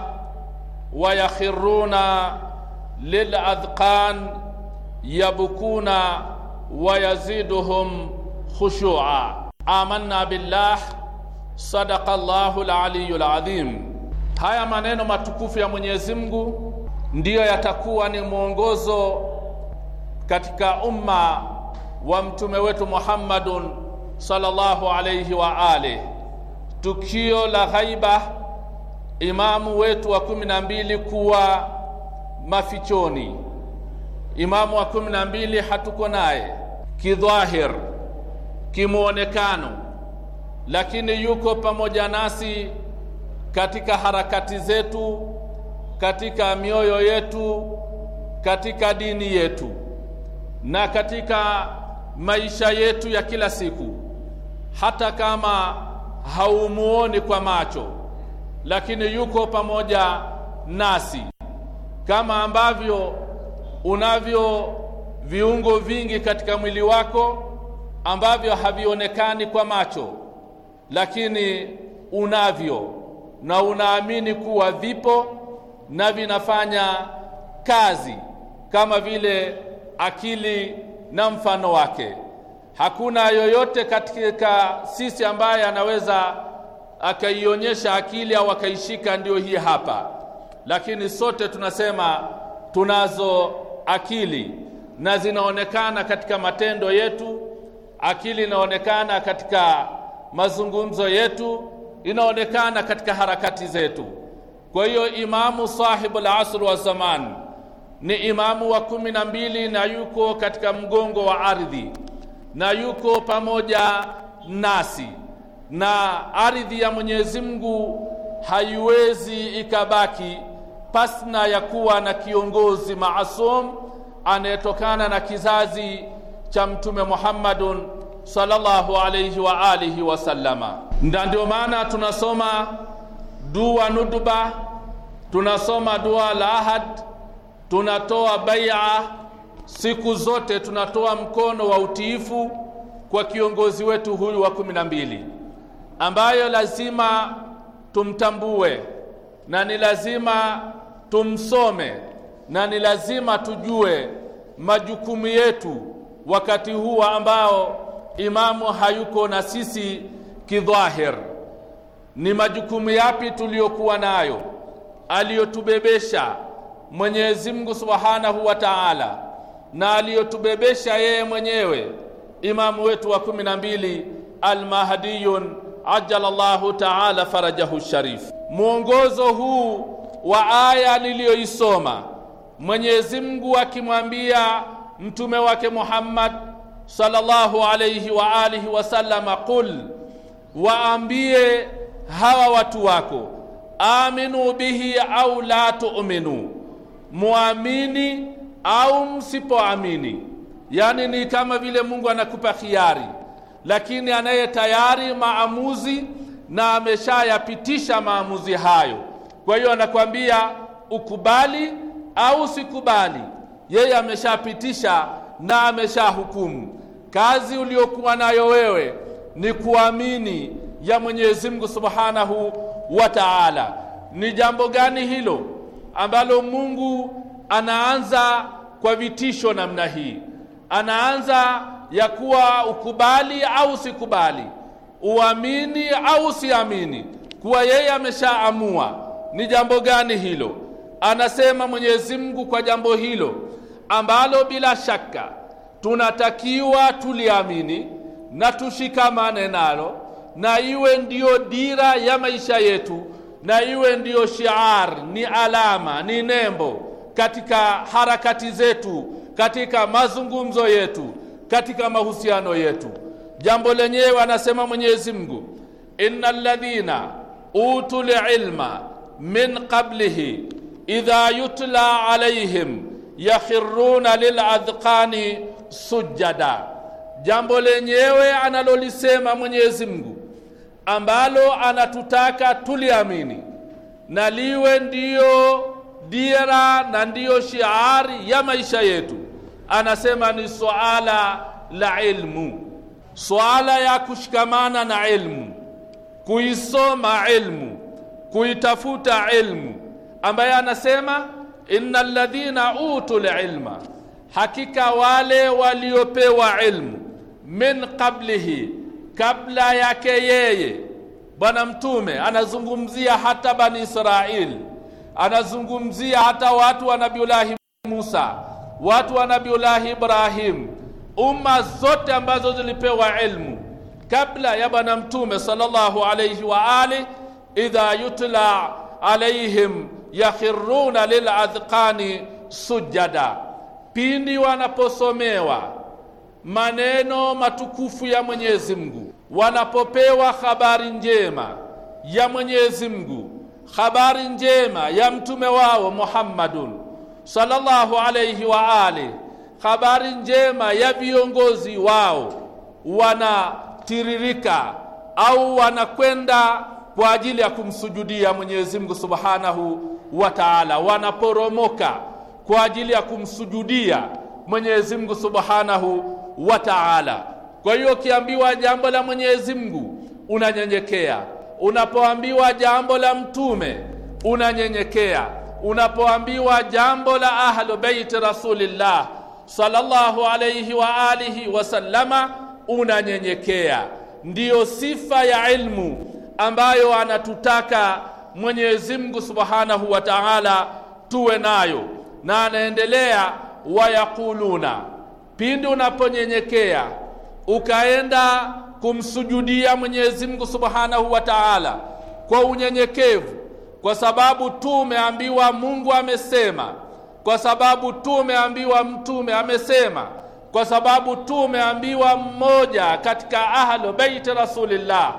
ويخرون للأذقان يبكون ويزيدهم khushu'a amanna billah sadaqa الله العلي العظيم haya maneno matukufu ya Mwenyezi Mungu ndiyo yatakuwa ni mwongozo katika umma wa mtume wetu Muhammadun sallallahu alayhi wa ali Tukio la ghaiba, imamu wetu wa kumi na mbili kuwa mafichoni, imamu wa kumi na mbili hatuko naye kidhahir, kimwonekano, lakini yuko pamoja nasi katika harakati zetu, katika mioyo yetu, katika dini yetu na katika maisha yetu ya kila siku. Hata kama haumuoni kwa macho, lakini yuko pamoja nasi kama ambavyo unavyo viungo vingi katika mwili wako ambavyo havionekani kwa macho, lakini unavyo na unaamini kuwa vipo na vinafanya kazi kama vile akili na mfano wake. Hakuna yoyote katika sisi ambaye anaweza akaionyesha akili au akaishika, ndio hii hapa, lakini sote tunasema tunazo akili na zinaonekana katika matendo yetu, akili inaonekana katika mazungumzo yetu, inaonekana katika harakati zetu. Kwa hiyo imamu al asr wa zaman ni imamu wa kumi na mbili na yuko katika mgongo wa ardhi na yuko pamoja nasi, na ardhi ya Mwenyezi Mungu haiwezi ikabaki pasna ya kuwa na kiongozi maasum anayetokana na kizazi cha Mtume Muhammadun sallallahu alayhi wa alihi wasallama. Na ndio maana tunasoma dua nudba, tunasoma dua la ahad, tunatoa baia, siku zote tunatoa mkono wa utiifu kwa kiongozi wetu huyu wa kumi na mbili ambayo lazima tumtambue na ni lazima tumsome na ni lazima tujue majukumu yetu wakati huu ambao imamu hayuko na sisi kidhahir. Ni majukumu yapi tuliyokuwa nayo aliyotubebesha Mwenyezi Mungu Subhanahu wa Ta'ala, na aliyotubebesha yeye mwenyewe imamu wetu wa kumi na mbili Almahdiyun ajalallahu taala farajahu sharif. Mwongozo huu wa aya niliyoisoma Mwenyezi Mungu akimwambia mtume wake Muhammad sallallahu alayhi wa alihi wasallam, qul, waambie hawa watu wako, aminu bihi au la tu'minu, muamini au msipoamini. Yani ni kama vile Mungu anakupa khiari, lakini anaye tayari maamuzi na ameshayapitisha maamuzi hayo. Kwa hiyo anakuambia ukubali au sikubali, yeye ameshapitisha na ameshahukumu. Kazi uliokuwa nayo wewe ni kuamini ya Mwenyezi Mungu Subhanahu wa Ta'ala. Ni jambo gani hilo ambalo Mungu anaanza kwa vitisho namna hii? Anaanza ya kuwa ukubali au usikubali, uamini au usiamini, kuwa yeye ameshaamua. Ni jambo gani hilo? anasema Mwenyezi Mungu kwa jambo hilo ambalo bila shaka tunatakiwa tuliamini na tushikamane nalo na iwe ndiyo dira ya maisha yetu na iwe ndiyo shiar, ni alama, ni nembo katika harakati zetu, katika mazungumzo yetu, katika mahusiano yetu. Jambo lenyewe anasema Mwenyezi Mungu, innal ladhina utul ilma min qablihi idha yutla alaihim yakhiruna liladhqani sujada, jambo lenyewe analolisema Mwenyezi Mungu ambalo anatutaka tuliamini na liwe ndiyo dira na ndiyo shiari ya maisha yetu. Anasema ni swala la ilmu, swala ya kushikamana na ilmu, kuisoma ilmu, kuitafuta ilmu ambaye anasema innal ladhina utul ilma, hakika wale waliopewa ilmu min qablihi, kabla yake yeye. Bwana Mtume anazungumzia hata Bani Israil, anazungumzia hata watu wa Nabiullahi Musa, watu wa Nabiullahi Ibrahim, umma zote ambazo zilipewa ilmu kabla ya Bwana Mtume sallallahu alayhi wa ali, idha yutla alayhim yakhiruna liladhqani sujada, pindi wanaposomewa maneno matukufu ya Mwenyezi Mungu, wanapopewa habari njema ya Mwenyezi Mungu, habari njema ya mtume wao Muhammadun sallallahu alayhi wa ali, habari njema ya viongozi wao, wanatiririka au wanakwenda kwa ajili ya kumsujudia Mwenyezi Mungu subhanahu wa taala wanaporomoka kwa ajili ya kumsujudia Mwenyezi Mungu subhanahu wa taala. Kwa hiyo ukiambiwa jambo la Mwenyezi Mungu unanyenyekea, unapoambiwa jambo la mtume unanyenyekea, unapoambiwa jambo la ahlu beiti rasulillah sallallahu alayhi wa alihi wasallama unanyenyekea. Ndiyo sifa ya ilmu ambayo anatutaka Mwenyezi Mungu Subhanahu wa Ta'ala tuwe nayo. Na anaendelea wayakuluna, pindi unaponyenyekea ukaenda kumsujudia Mwenyezi Mungu Subhanahu wa Ta'ala kwa unyenyekevu, kwa sababu tu umeambiwa Mungu amesema, kwa sababu tu umeambiwa mtume amesema, kwa sababu tu umeambiwa mmoja katika ahlu baiti Rasulillah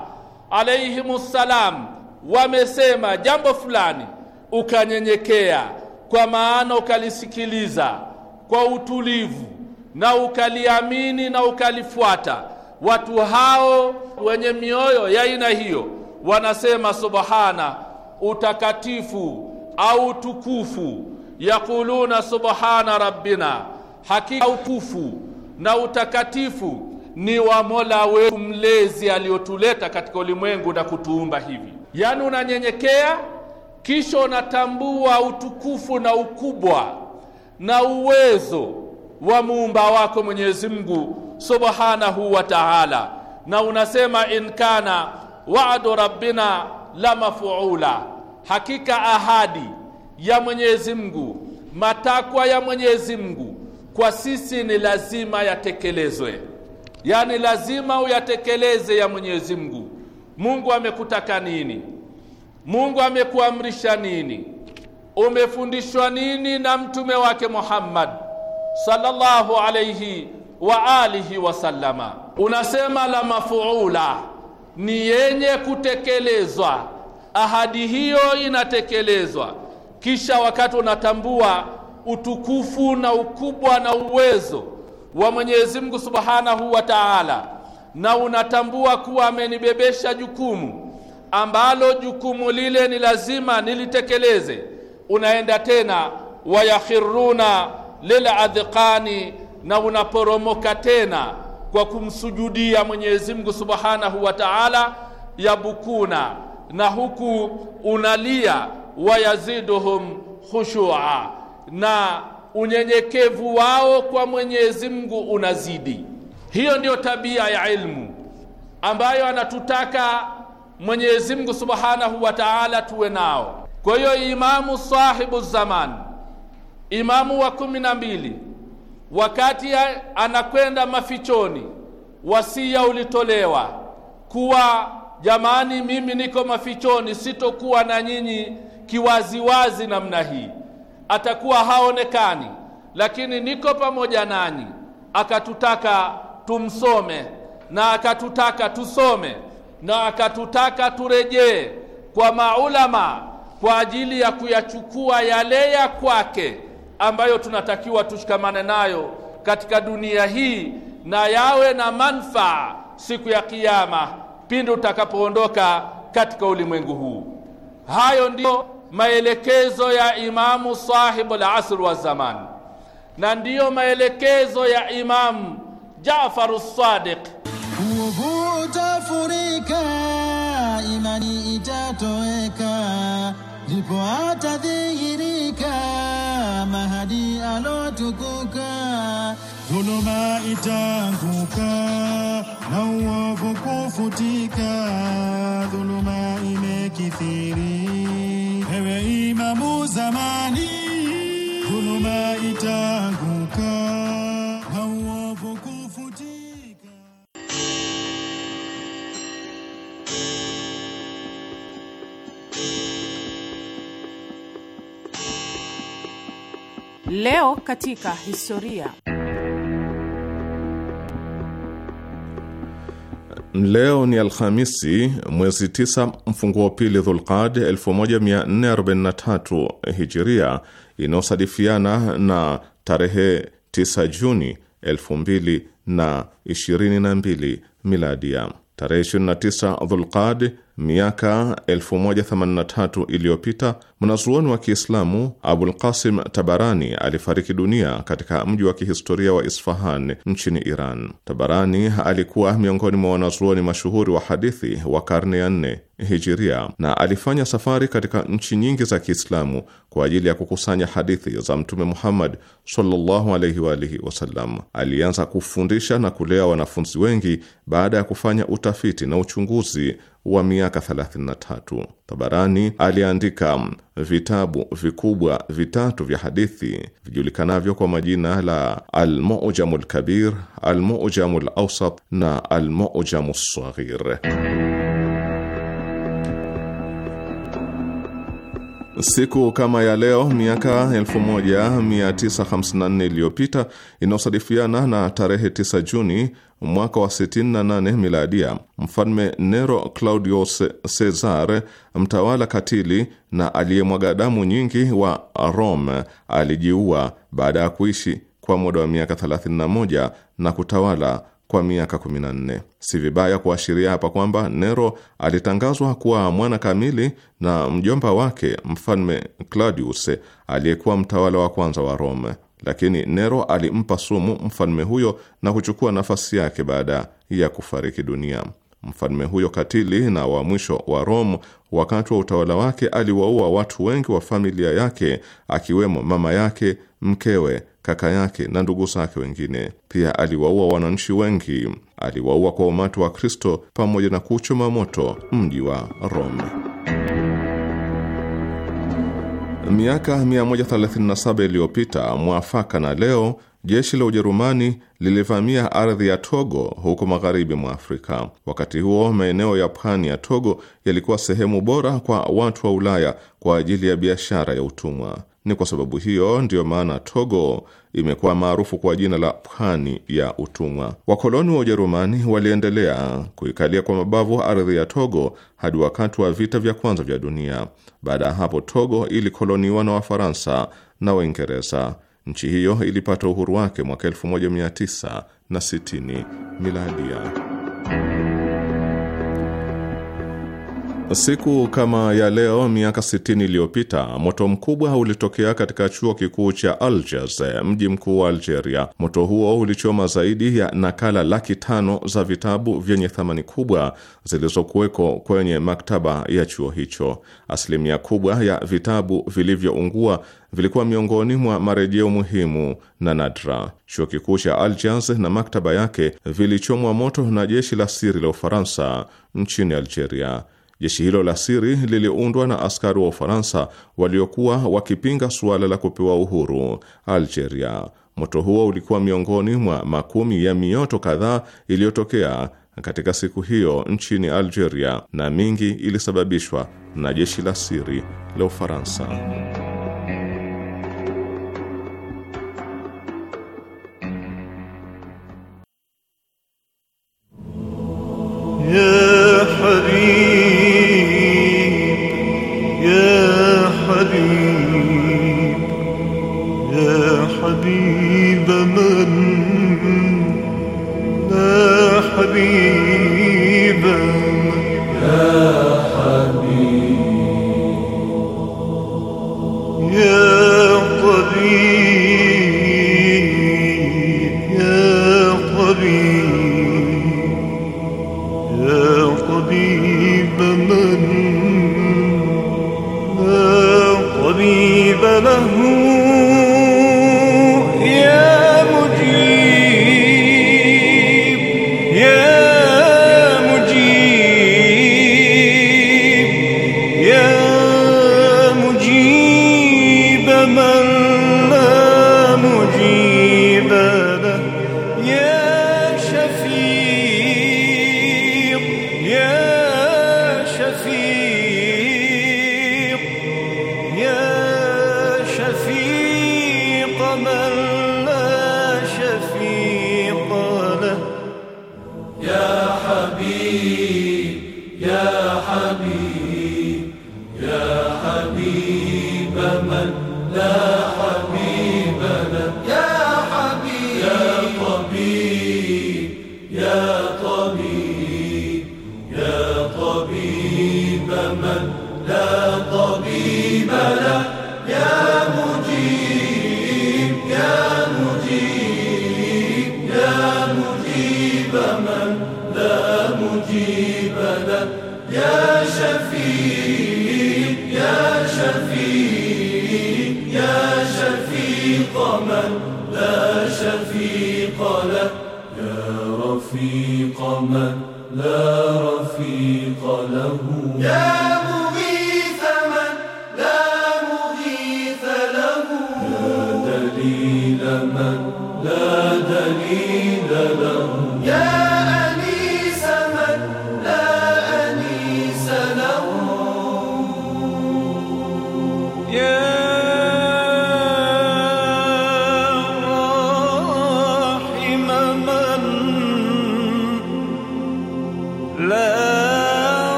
alayhimus salam wamesema jambo fulani, ukanyenyekea, kwa maana ukalisikiliza kwa utulivu na ukaliamini na ukalifuata. Watu hao wenye mioyo ya aina hiyo wanasema subhana, utakatifu au tukufu. Yakuluna subhana rabbina, hakika utukufu na utakatifu ni wa Mola wetu mlezi aliyotuleta katika ulimwengu na kutuumba hivi yaani unanyenyekea kisha unatambua utukufu na ukubwa na uwezo wa muumba wako Mwenyezi Mungu subhanahu wa ta'ala, na unasema in kana wa'du rabbina la mafuula, hakika ahadi ya Mwenyezi Mungu, matakwa ya Mwenyezi Mungu kwa sisi ni lazima yatekelezwe, yani lazima uyatekeleze ya Mwenyezi Mungu Mungu amekutaka nini? Mungu amekuamrisha nini? Umefundishwa nini na mtume wake Muhammad sallallahu alayhi wa alihi wasallama? Unasema la mafuula ni yenye kutekelezwa, ahadi hiyo inatekelezwa. Kisha wakati unatambua utukufu na ukubwa na uwezo wa Mwenyezi Mungu subhanahu wa taala na unatambua kuwa amenibebesha jukumu ambalo jukumu lile ni lazima nilitekeleze, unaenda tena wayakhiruna liladhiqani, na unaporomoka tena kwa kumsujudia Mwenyezi Mungu Subhanahu wa Ta'ala, yabukuna, na huku unalia, wayaziduhum khushua, na unyenyekevu wao kwa Mwenyezi Mungu unazidi. Hiyo ndiyo tabia ya ilmu ambayo anatutaka Mwenyezi Mungu Subhanahu wa Ta'ala tuwe nao. Kwa hiyo imamu sahibu zaman, imamu wa kumi na mbili, wakati anakwenda mafichoni, wasia ulitolewa kuwa jamani, mimi niko mafichoni, sitokuwa na nyinyi kiwaziwazi namna hii, atakuwa haonekani, lakini niko pamoja nanyi. Akatutaka tumsome na akatutaka tusome na akatutaka turejee kwa maulama kwa ajili ya kuyachukua yale ya kwake ambayo tunatakiwa tushikamane nayo katika dunia hii na yawe na manfaa siku ya kiyama pindi utakapoondoka katika ulimwengu huu. Hayo ndiyo maelekezo ya Imamu sahibu lasri asr wa Zamani, na ndiyo maelekezo ya Imamu Jafaru Sadiq. Uovu utafurika, imani itatoweka, ndipo atadhihirika mahadi alotukuka. Dhuluma itanguka na uovu kufutika, dhuluma imekithiri. Ewe imamu zamani, dhuluma itaanguka Leo katika historia. Leo ni Alhamisi, mwezi 9 mfunguo pili Dhulqad 1443 Hijiria, inayosadifiana na tarehe 9 Juni 2022 Miladia. Tarehe 29 Dhulqad miaka 1083 iliyopita mwanazuoni wa Kiislamu Abul Qasim Tabarani alifariki dunia katika mji wa kihistoria wa Isfahan nchini Iran. Tabarani alikuwa miongoni mwa wanazuoni mashuhuri wa hadithi wa karne ya nne hijiria na alifanya safari katika nchi nyingi za Kiislamu kwa ajili ya kukusanya hadithi za Mtume Muhammad sallallahu alaihi wa alihi wasallam. Alianza kufundisha na kulea wanafunzi wengi baada ya kufanya utafiti na uchunguzi wa miaka 33 Tabarani aliandika vitabu vikubwa vitatu vya hadithi vijulikanavyo kwa majina la Almujamu lkabir, Almujamu lausat na Almujamu lsaghir. Siku kama ya leo miaka 1954 iliyopita inayosadifiana na tarehe 9 Juni mwaka wa 68 miladia, mfalme Nero Claudius Caesar, mtawala katili na aliyemwaga damu nyingi wa Rome, alijiua baada ya kuishi kwa muda wa miaka 31 na kutawala kwa miaka 14. Si vibaya kuashiria hapa kwamba Nero alitangazwa kuwa mwana kamili na mjomba wake mfalme Claudius aliyekuwa mtawala wa kwanza wa Rome lakini Nero alimpa sumu mfalme huyo na kuchukua nafasi yake baada ya kufariki dunia. Mfalme huyo katili na wa mwisho wa Rome, wakati wa utawala wake, aliwaua watu wengi wa familia yake, akiwemo mama yake, mkewe, kaka yake na ndugu zake wengine. Pia aliwaua wananchi wengi, aliwaua kwa umati wa Kristo pamoja na kuchoma moto mji wa Rome. Miaka 137 iliyopita mwafaka na leo, jeshi la Ujerumani lilivamia ardhi ya Togo huko magharibi mwa Afrika. Wakati huo maeneo ya pwani ya Togo yalikuwa sehemu bora kwa watu wa Ulaya kwa ajili ya biashara ya utumwa. Ni kwa sababu hiyo ndiyo maana Togo imekuwa maarufu kwa jina la pwani ya utumwa. Wakoloni wa Ujerumani waliendelea kuikalia kwa mabavu ardhi ya Togo hadi wakati wa vita vya kwanza vya dunia. Baada ya hapo, Togo ilikoloniwa na Wafaransa na Waingereza. Nchi hiyo ilipata uhuru wake mwaka 1960 miladia. Siku kama ya leo miaka 60 iliyopita moto mkubwa ulitokea katika chuo kikuu cha Algiers, mji mkuu wa Algeria. Moto huo ulichoma zaidi ya nakala laki tano za vitabu vyenye thamani kubwa zilizokuweko kwenye maktaba ya chuo hicho. Asilimia kubwa ya vitabu vilivyoungua vilikuwa miongoni mwa marejeo muhimu na nadra. Chuo kikuu cha Algiers na maktaba yake vilichomwa moto na jeshi la siri la Ufaransa nchini Algeria. Jeshi hilo la siri liliundwa na askari wa Ufaransa waliokuwa wakipinga suala la kupewa uhuru Algeria. Moto huo ulikuwa miongoni mwa makumi ya mioto kadhaa iliyotokea katika siku hiyo nchini Algeria, na mingi ilisababishwa na jeshi la siri la Ufaransa. Ya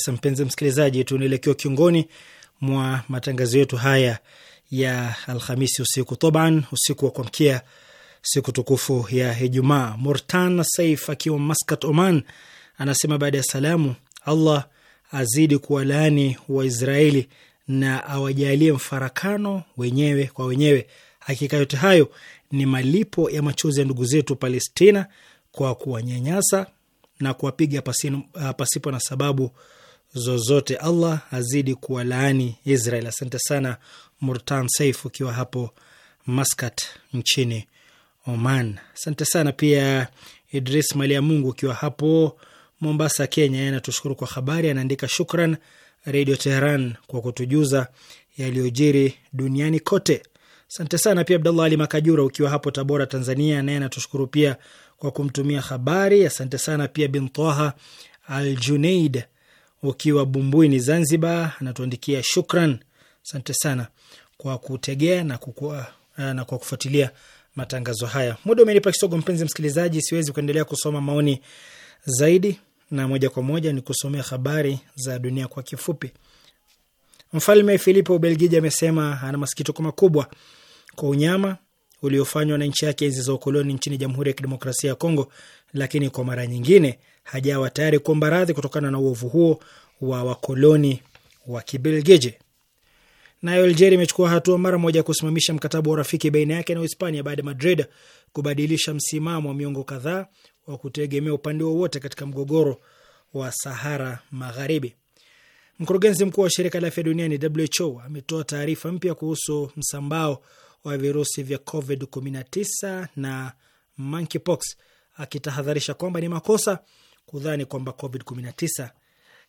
kabisa, mpenzi msikilizaji, tunaelekea kiongoni mwa matangazo yetu haya ya Alhamisi usiku toban, usiku wa kuamkia siku tukufu ya Ijumaa. Mortana Saif akiwa Maskat, Oman, anasema baada ya salamu, Allah azidi kuwalaani Waisraeli na awajalie mfarakano wenyewe kwa wenyewe. Hakika yote hayo ni malipo ya machozi ya ndugu zetu Palestina kwa kuwanyanyasa na kuwapiga uh, pasipo na sababu zozote. Allah azidi kuwalaani Israel. Asante sana Murtan Saif ukiwa hapo Maskat nchini Oman. Asante sana pia Idris Mali ya Mungu ukiwa hapo Mombasa, Kenya. Anatushukuru kwa habari, anaandika shukran Redio Teheran kwa kutujuza yaliyojiri duniani kote. Asante sana pia Abdallah Ali Makajura ukiwa hapo Tabora, Tanzania, naye anatushukuru pia kwa kumtumia habari. Asante sana pia Bintaha Aljuneid ukiwa Bumbuini, Zanzibar, anatuandikia shukran. Asante sana kwa kutegea na, kukua, eh, na kwa kufuatilia matangazo haya. Muda umenipa kisogo, mpenzi msikilizaji, siwezi kuendelea kusoma maoni zaidi, na moja kwa moja ni kusomea habari za dunia kwa kifupi. Mfalme Filipo Ubelgiji amesema ana masikitiko makubwa kwa unyama uliofanywa na nchi yake enzi za ukoloni nchini Jamhuri ya Kidemokrasia ya Kongo, lakini kwa mara nyingine hajawa tayari kuomba radhi kutokana na uovu huo wa wakoloni wa Kibelgiji. Nayo Algeria imechukua hatua mara moja kusimamisha mkataba wa urafiki baina yake na Uhispania baada ya Madrid kubadilisha msimamo wa miongo kadhaa wa kutegemea upande wowote katika mgogoro wa Sahara Magharibi. Mkurugenzi mkuu wa shirika la afya duniani WHO ametoa taarifa mpya kuhusu msambao wa virusi vya COVID-19 na monkeypox, akitahadharisha kwamba ni makosa kudhani kwamba COVID-19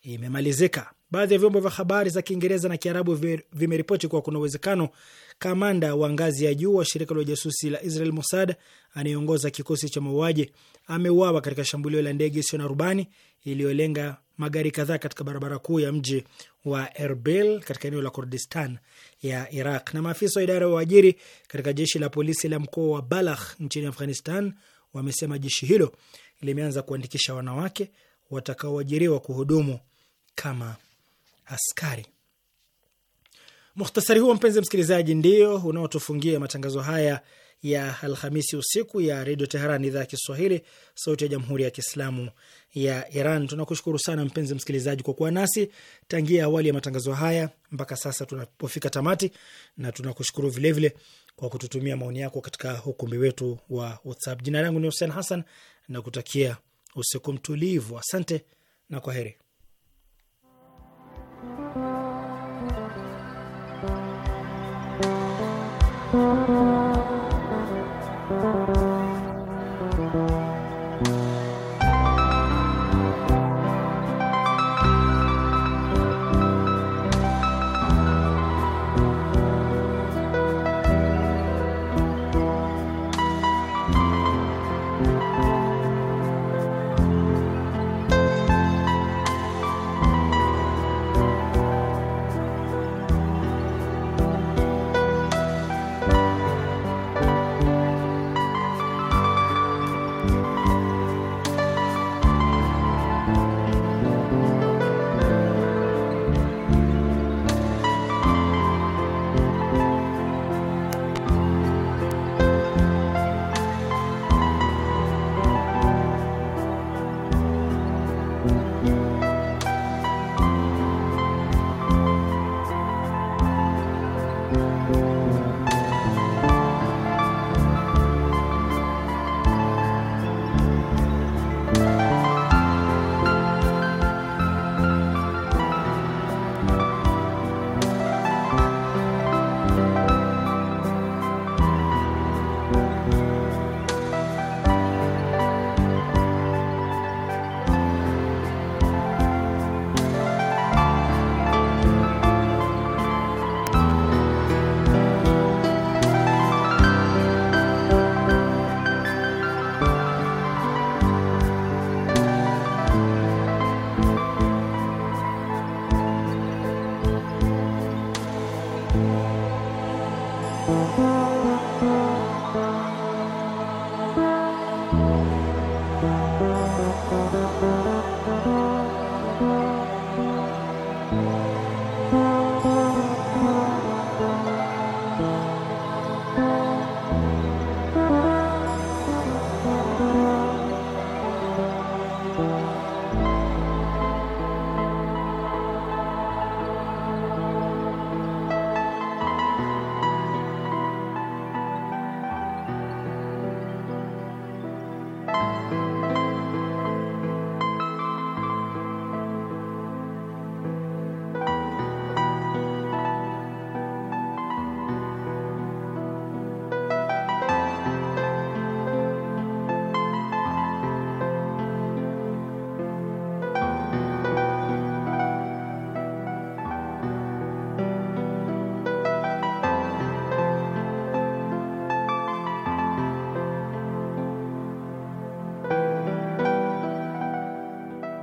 imemalizika. Baadhi ya vyombo vya habari za Kiingereza na Kiarabu vimeripoti kuwa kuna uwezekano kamanda wa ngazi ya juu wa shirika la ujasusi la Israel Mossad anayeongoza kikosi cha mauaji ameuawa katika shambulio la ndege isiyo na rubani iliyolenga magari kadhaa katika barabara kuu ya mji wa Erbil katika eneo la Kurdistan ya Iraq. Na maafisa wa idara ya uajiri katika jeshi la polisi la mkoa wa Balakh nchini Afghanistan wamesema jeshi hilo limeanza kuandikisha wanawake watakaoajiriwa kuhudumu kama askari. Muhtasari huo mpenzi msikilizaji, ndio unaotufungia matangazo haya ya Alhamisi usiku ya Redio Teheran, idhaa ya Kiswahili, sauti ya Jamhuri ya Kiislamu ya Iran. Tunakushukuru sana mpenzi msikilizaji kwa kuwa nasi tangia awali ya matangazo haya mpaka sasa tunapofika tamati, na tunakushukuru vilevile kwa kututumia maoni yako katika ukumbi wetu wa WhatsApp. Jina langu ni Hussein Hassan, na kutakia usiku mtulivu. Asante na kwa heri.